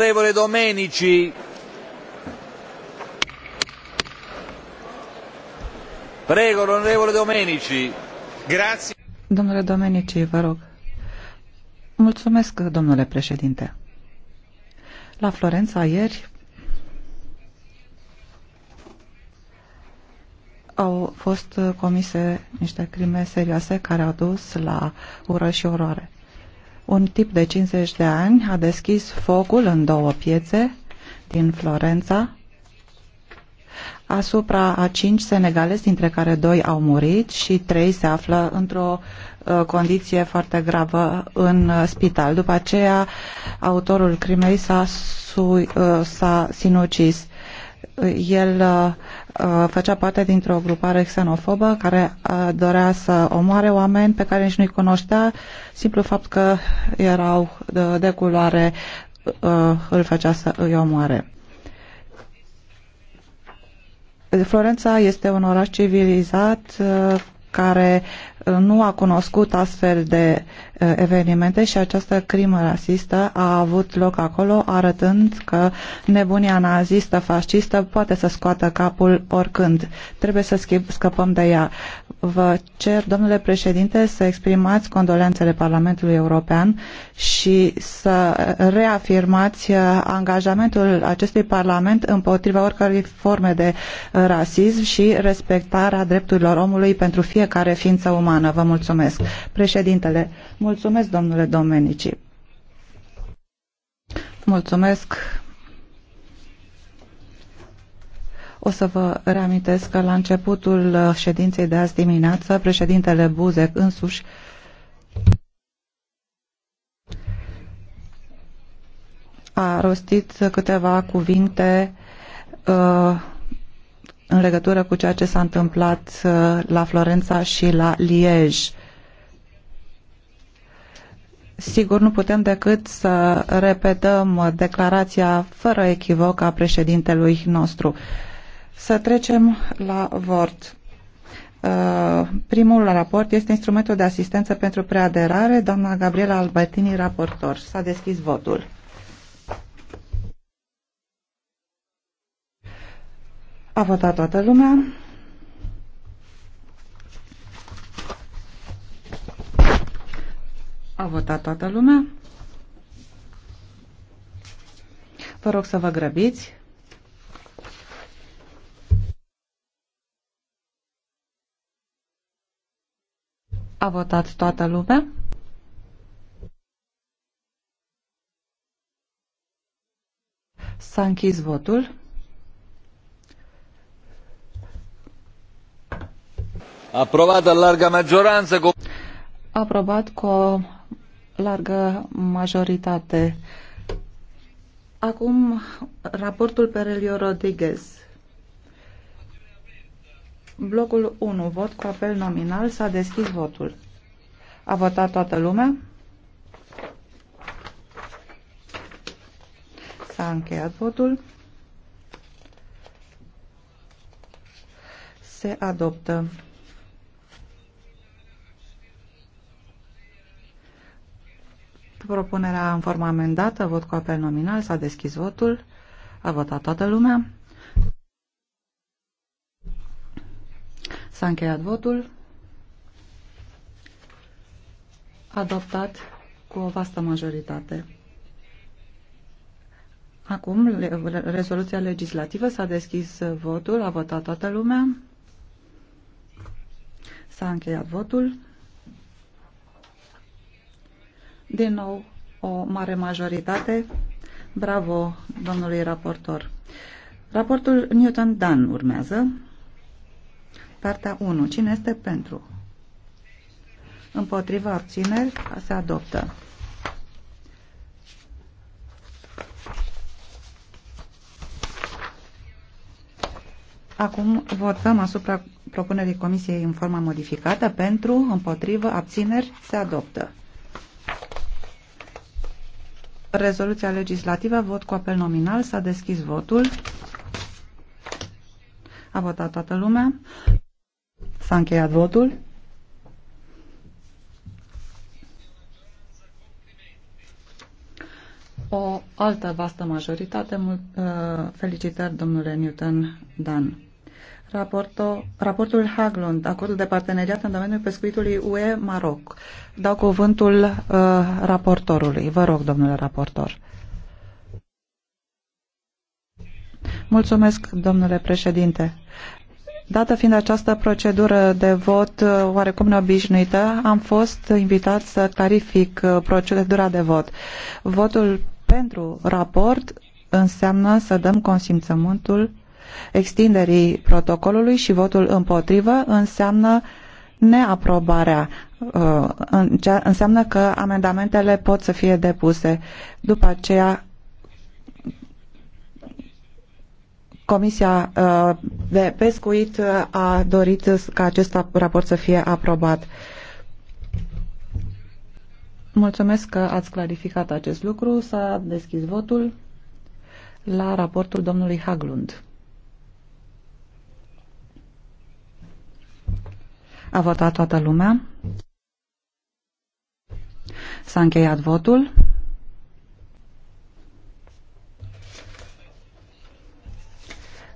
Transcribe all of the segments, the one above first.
Onorevole Domenici. Prego, onorevole Domenici. Grazie. Domnule Domenici, vă rog. Mulțumesc, domnule președinte. La Florența ieri au fost comise niște crime serioase care au dus la ură și oroare. Un tip de 50 de ani a deschis focul în două piețe din Florența asupra a cinci senegalezi, dintre care doi au murit și trei se află într-o uh, condiție foarte gravă în uh, spital. După aceea, autorul crimei s-a, uh, sinucis. El Uh, făcea parte dintr-o grupare xenofobă care uh, dorea să omoare oameni pe care nici nu-i cunoștea. Simplu fapt că erau de, de culoare uh, îl făcea să îi omoare. Florența este un oraș civilizat care nu a cunoscut astfel de evenimente și această crimă rasistă a avut loc acolo, arătând că nebunia nazistă, fascistă poate să scoată capul oricând. Trebuie să scăpăm de ea. Vă cer, domnule președinte, să exprimați condolențele Parlamentului European și să reafirmați angajamentul acestui Parlament împotriva oricărei forme de rasism și respectarea drepturilor omului pentru fiecare ființă umană. Europeană. Vă mulțumesc. Președintele, mulțumesc, domnule Domenici. Mulțumesc. O să vă reamintesc că la începutul ședinței de azi dimineață, președintele Buzek însuși a rostit câteva cuvinte uh, în legătură cu ceea ce s-a întâmplat uh, la Florența și la Liege. Sigur, nu putem decât să repetăm uh, declarația fără echivoc a președintelui nostru. Să trecem la vort. Uh, primul raport este instrumentul de asistență pentru preaderare, doamna Gabriela Albertini, raportor. S-a deschis votul. A votat toată lumea. A votat toată lumea. Vă rog să vă grăbiți. A votat toată lumea. S-a închis votul. Aprobat a larga Cu... Aprobat cu o largă majoritate. Acum, raportul Perelio Rodriguez. Blocul 1, vot cu apel nominal, s-a deschis votul. A votat toată lumea? S-a încheiat votul. Se adoptă. propunerea în formă amendată, vot cu apel nominal, s-a deschis votul, a votat toată lumea. S-a încheiat votul. Adoptat cu o vastă majoritate. Acum, rezoluția legislativă s-a deschis votul, a votat toată lumea. S-a încheiat votul. Din nou, o mare majoritate. Bravo, domnului raportor. Raportul Newton-Dan urmează. Partea 1. Cine este pentru? Împotriva abțineri se adoptă. Acum votăm asupra propunerii Comisiei în forma modificată pentru, împotrivă, abțineri, se adoptă. Rezoluția legislativă, vot cu apel nominal, s-a deschis votul. A votat toată lumea. S-a încheiat votul. O altă vastă majoritate. Uh, felicitări, domnule Newton Dan raportul, raportul Haglund, acordul de parteneriat în domeniul pescuitului UE-Maroc. Dau cuvântul uh, raportorului. Vă rog, domnule raportor. Mulțumesc, domnule președinte. Dată fiind această procedură de vot uh, oarecum neobișnuită, am fost invitat să clarific uh, procedura de vot. Votul pentru raport înseamnă să dăm consimțământul extinderii protocolului și votul împotrivă înseamnă neaprobarea uh, înseamnă că amendamentele pot să fie depuse. După aceea, Comisia uh, de Pescuit uh, a dorit ca acest raport să fie aprobat. Mulțumesc că ați clarificat acest lucru. S-a deschis votul la raportul domnului Haglund. A votat toată lumea. S-a încheiat votul.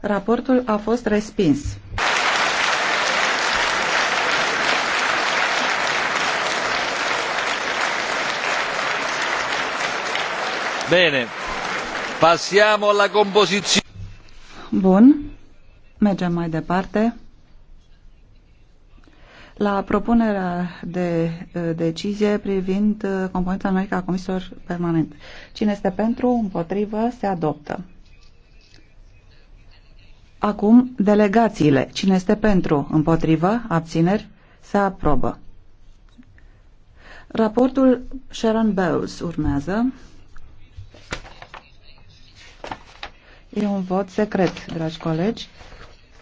Raportul a fost respins. Bine. Passiamo alla composizione. Bun. Mergem mai departe. La propunerea de uh, decizie privind uh, componența numerică a comisilor permanente. Cine este pentru, împotrivă, se adoptă. Acum, delegațiile. Cine este pentru, împotrivă, abțineri, se aprobă. Raportul Sharon Bowles urmează. E un vot secret, dragi colegi.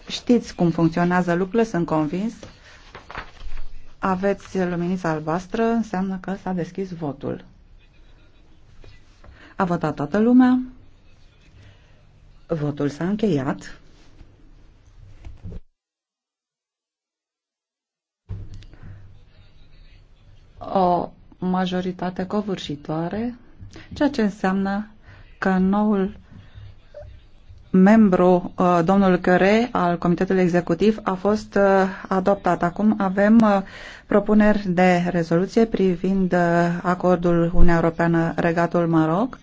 Știți cum funcționează lucrurile, sunt convins. Aveți luminița albastră, înseamnă că s-a deschis votul. A votat toată lumea. Votul s-a încheiat. O majoritate covârșitoare, ceea ce înseamnă că noul membru, uh, domnul Căre, al Comitetului Executiv, a fost uh, adoptat. Acum avem uh, propuneri de rezoluție privind acordul Uniunea Europeană-Regatul Maroc.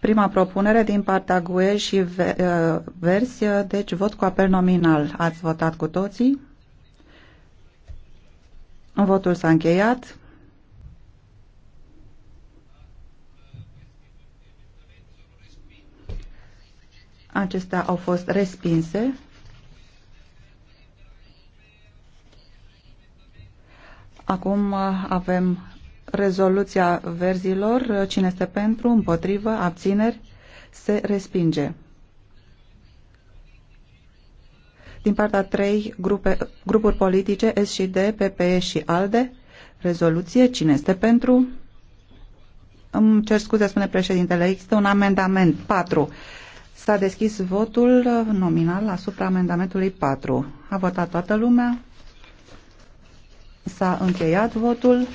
Prima propunere din partea GUE și Versi, deci vot cu apel nominal. Ați votat cu toții? Votul s-a încheiat. Acestea au fost respinse. Acum uh, avem rezoluția verzilor. Cine este pentru, împotrivă, abțineri, se respinge. Din partea trei grupe, grupuri politice, S și D, PPE și ALDE, rezoluție. Cine este pentru? Îmi cer scuze, spune președintele. Există un amendament 4 S-a deschis votul nominal asupra amendamentului 4. A votat toată lumea. S-a încheiat votul.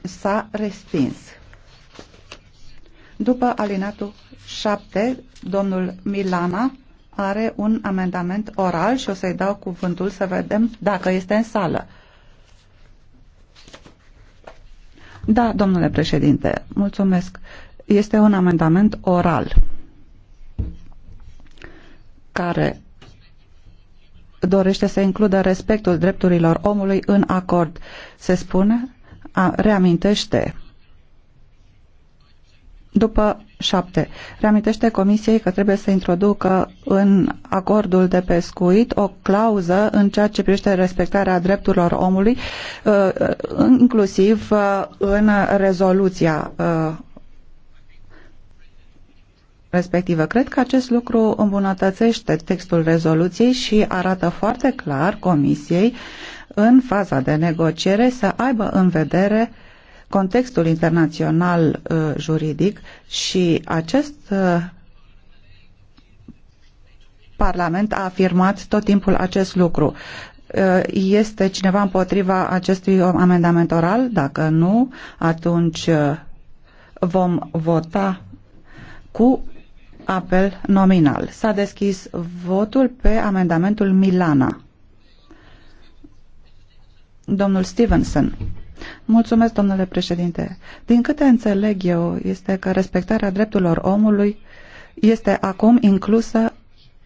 S-a respins. După alinatul 7, domnul Milana are un amendament oral și o să-i dau cuvântul să vedem dacă este în sală. Da, domnule președinte, mulțumesc este un amendament oral care dorește să includă respectul drepturilor omului în acord. Se spune, a, reamintește după șapte, reamintește Comisiei că trebuie să introducă în acordul de pescuit o clauză în ceea ce privește respectarea drepturilor omului, uh, uh, inclusiv uh, în rezoluția respectivă. Cred că acest lucru îmbunătățește textul rezoluției și arată foarte clar Comisiei în faza de negociere să aibă în vedere contextul internațional uh, juridic și acest uh, Parlament a afirmat tot timpul acest lucru. Uh, este cineva împotriva acestui amendament oral? Dacă nu, atunci uh, vom vota cu apel nominal. S-a deschis votul pe amendamentul Milana. Domnul Stevenson. Mulțumesc, domnule președinte. Din câte înțeleg eu, este că respectarea drepturilor omului este acum inclusă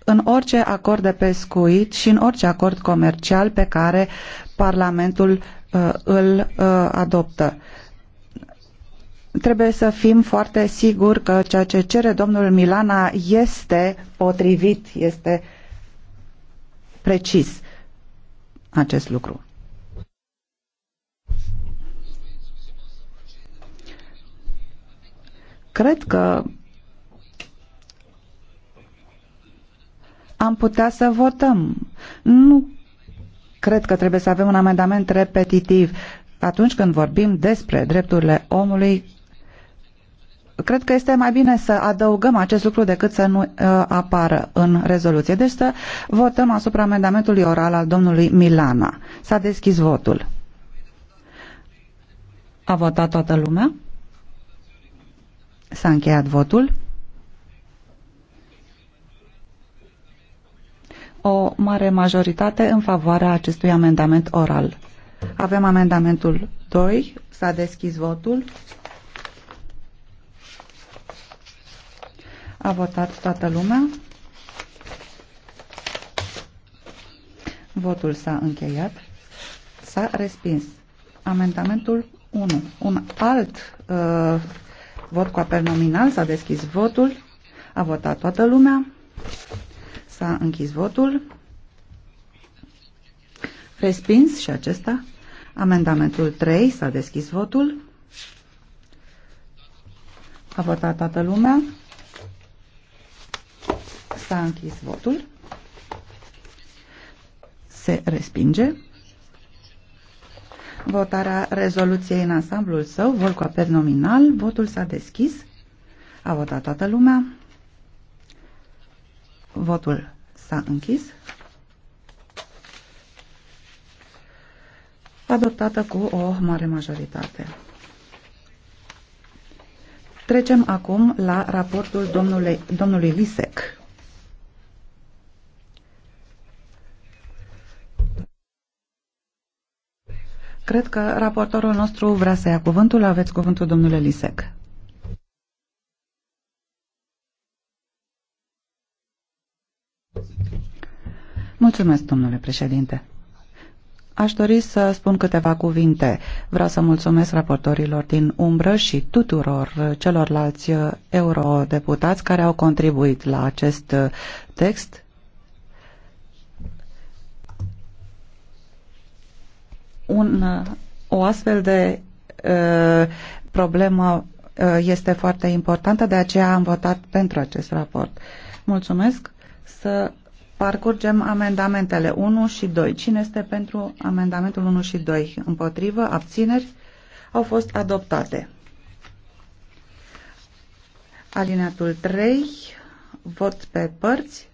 în orice acord de pescuit și în orice acord comercial pe care Parlamentul uh, îl uh, adoptă trebuie să fim foarte siguri că ceea ce cere domnul Milana este potrivit, este precis acest lucru. Cred că am putea să votăm. Nu cred că trebuie să avem un amendament repetitiv atunci când vorbim despre drepturile omului, Cred că este mai bine să adăugăm acest lucru decât să nu uh, apară în rezoluție. Deci să votăm asupra amendamentului oral al domnului Milana. S-a deschis votul. A votat toată lumea? S-a încheiat votul? O mare majoritate în favoarea acestui amendament oral. Avem amendamentul 2. S-a deschis votul. A votat toată lumea. Votul s-a încheiat. S-a respins. Amendamentul 1. Un alt uh, vot cu apel nominal. S-a deschis votul. A votat toată lumea. S-a închis votul. Respins și acesta. Amendamentul 3. S-a deschis votul. A votat toată lumea. S-a închis votul. Se respinge. Votarea rezoluției în ansamblul său, vot cu apel nominal, votul s-a deschis. A votat toată lumea. Votul s-a închis. Adoptată cu o mare majoritate. Trecem acum la raportul domnului, domnului Lisec. Cred că raportorul nostru vrea să ia cuvântul. Aveți cuvântul, domnule Lisec. Mulțumesc, domnule președinte. Aș dori să spun câteva cuvinte. Vreau să mulțumesc raportorilor din umbră și tuturor celorlalți eurodeputați care au contribuit la acest text un, uh, o astfel de uh, problemă uh, este foarte importantă, de aceea am votat pentru acest raport. Mulțumesc. Să parcurgem amendamentele 1 și 2. Cine este pentru amendamentul 1 și 2? Împotrivă? Abțineri? Au fost adoptate. Alineatul 3, vot pe părți.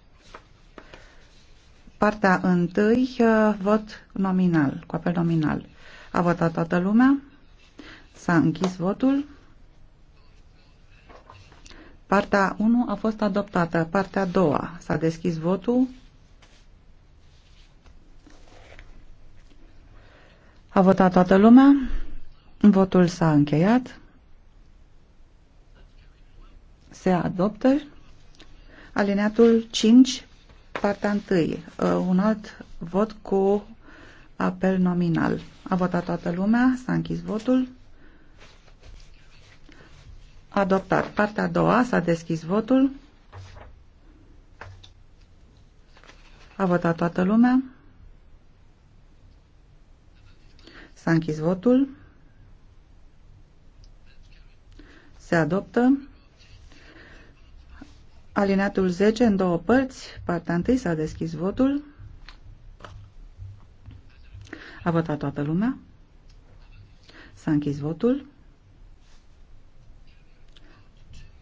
Partea întâi, uh, vot nominal, cu apel nominal. A votat toată lumea? S-a închis votul. Partea 1 a fost adoptată. Partea 2 s-a deschis votul. A votat toată lumea. Votul s-a încheiat. Se adoptă. Alineatul 5, Partea întâi, uh, un alt vot cu apel nominal. A votat toată lumea, s-a închis votul. Adoptat. Partea a doua, s-a deschis votul. A votat toată lumea. S-a închis votul. Se adoptă. Alineatul 10 în două părți. Partea întâi s-a deschis votul. A votat toată lumea. S-a închis votul.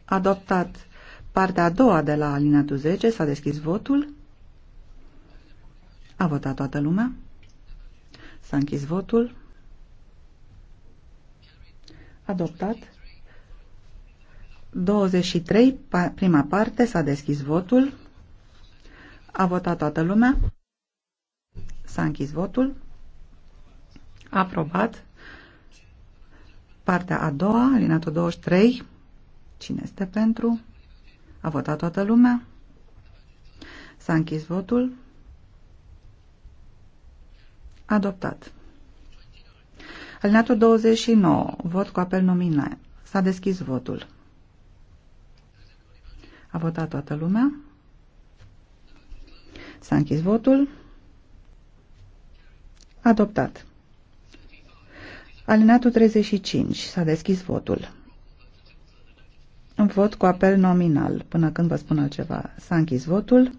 Adoptat partea a doua de la alineatul 10. S-a deschis votul. A votat toată lumea. S-a închis votul. Adoptat. 23, prima parte, s-a deschis votul. A votat toată lumea. S-a închis votul. Aprobat. Partea a doua, alinatul 23. Cine este pentru? A votat toată lumea. S-a închis votul. Adoptat. Alinatul 29. Vot cu apel nominal. S-a deschis votul. A votat toată lumea. S-a închis votul. Adoptat. Alineatul 35. S-a deschis votul. Vot cu apel nominal, până când vă spun altceva. S-a închis votul.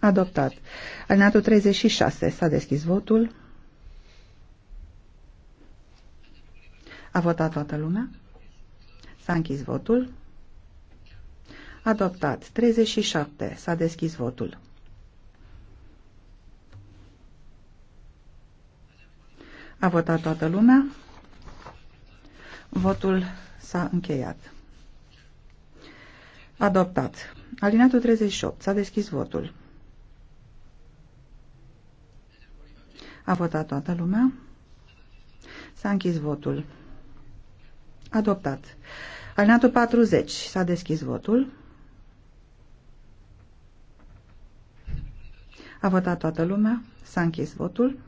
Adoptat. Alineatul 36. S-a deschis votul. A votat toată lumea. S-a închis votul. Adoptat. 37. S-a deschis votul. A votat toată lumea. Votul s-a încheiat. Adoptat. Alinatul 38. S-a deschis votul. A votat toată lumea. S-a închis votul. Adoptat. Alinatul 40. S-a deschis votul. A votat toată lumea. S-a închis votul.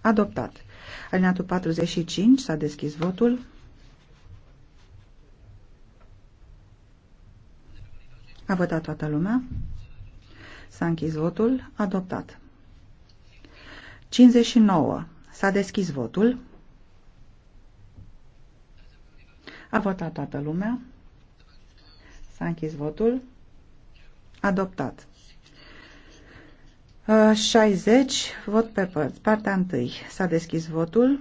Adoptat. Alineatul 45. S-a deschis votul. A votat toată lumea. S-a închis votul. Adoptat. 59. S-a deschis votul. A votat toată lumea. S-a închis votul. Adoptat. 60, vot pe părți. Partea 1. S-a deschis votul.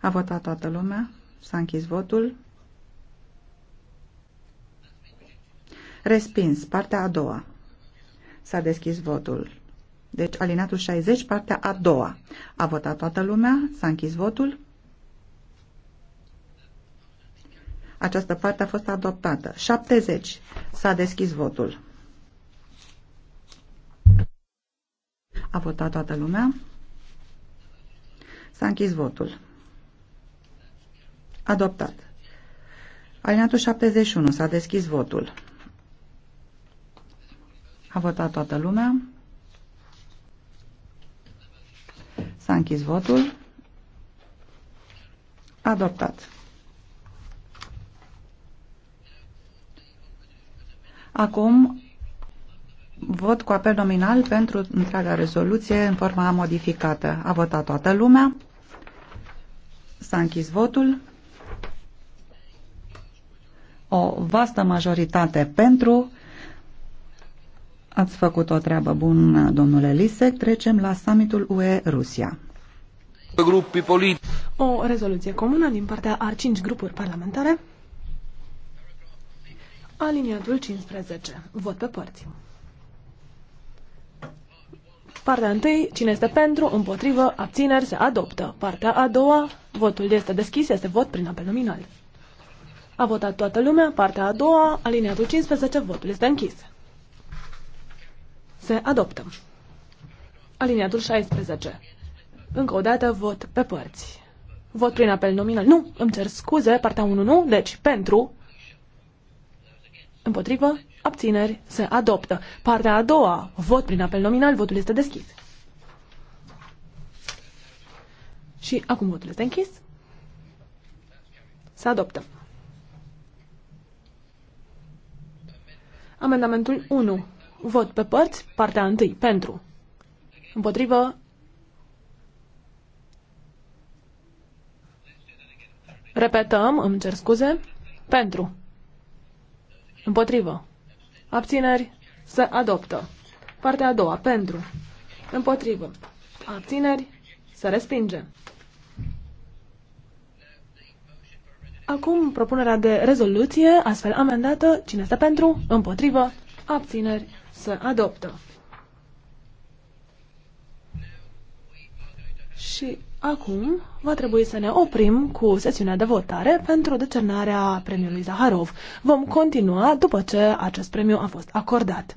A votat toată lumea. S-a închis votul. Respins. Partea a doua. S-a deschis votul. Deci, alinatul 60, partea a doua. A votat toată lumea. S-a închis votul. Această parte a fost adoptată. 70. S-a deschis votul. A votat toată lumea. S-a închis votul. Adoptat. Alineatul 71. S-a deschis votul. A votat toată lumea. S-a închis votul. Adoptat. Acum Vot cu apel nominal pentru întreaga rezoluție în forma modificată. A votat toată lumea. S-a închis votul. O vastă majoritate pentru. Ați făcut o treabă bună, domnule Lisec. Trecem la summitul UE-Rusia. O rezoluție comună din partea a cinci grupuri parlamentare. Aliniatul 15. Vot pe părți. Partea întâi, cine este pentru, împotrivă, abțineri, se adoptă. Partea a doua, votul este deschis, este vot prin apel nominal. A votat toată lumea, partea a doua, aliniatul 15, votul este închis. Se adoptă. Aliniatul 16. Încă o dată, vot pe părți. Vot prin apel nominal. Nu, îmi cer scuze, partea 1 nu, deci pentru, Împotrivă? Abțineri? Se adoptă. Partea a doua. Vot prin apel nominal. Votul este deschis. Și acum votul este închis. Se adoptă. Amendamentul 1. Vot pe părți. Partea 1. Pentru. Împotrivă? Repetăm, îmi cer scuze. Pentru. Împotrivă. Abțineri. Se adoptă. Partea a doua. Pentru. Împotrivă. Abțineri. Se respinge. Acum propunerea de rezoluție, astfel amendată, cine este pentru, împotrivă, abțineri, se adoptă. Și acum va trebui să ne oprim cu sesiunea de votare pentru decernarea premiului Zaharov. Vom continua după ce acest premiu a fost acordat.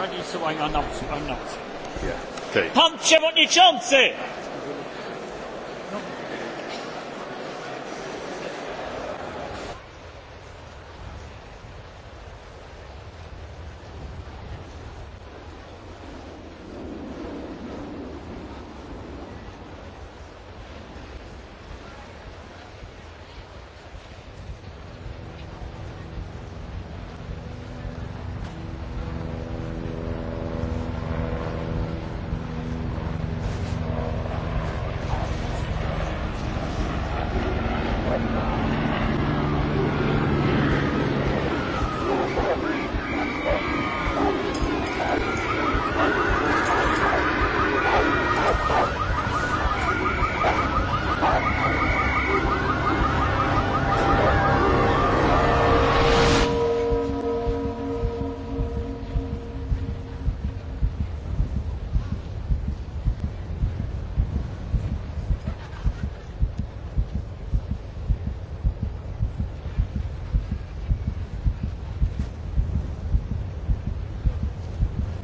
ready, so announce. announce. Yeah. Okay. Pan Przewodniczący!